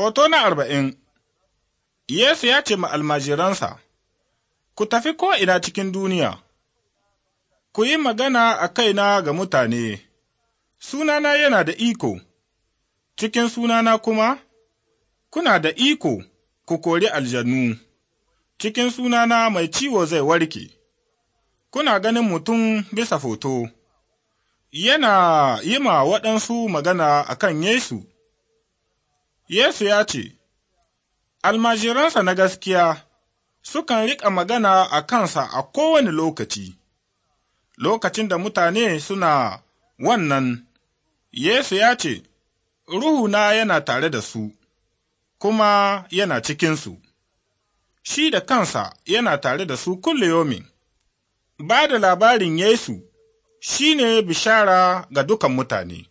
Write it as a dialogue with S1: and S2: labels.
S1: Hoto na arba'in Yesu ya ce ma almajiransa, Ku tafi ko'ina cikin duniya, ku yi magana a kaina ga mutane, sunana yana da iko, cikin sunana kuma, kuna da iko ku kori aljanu. cikin sunana mai ciwo zai warke, kuna ganin mutum bisa foto, yana yi ma waɗansu magana a kan Yesu. Yesu ya ce, Almajiransa na gaskiya sukan riƙa magana a kansa a kowane lokaci, lokacin da mutane suna wannan, Yesu ya ce, na yana tare da su, kuma yana cikinsu, shi da kansa yana tare da su kulle yomin. Ba da labarin Yesu shi ne bishara
S2: ga dukan mutane.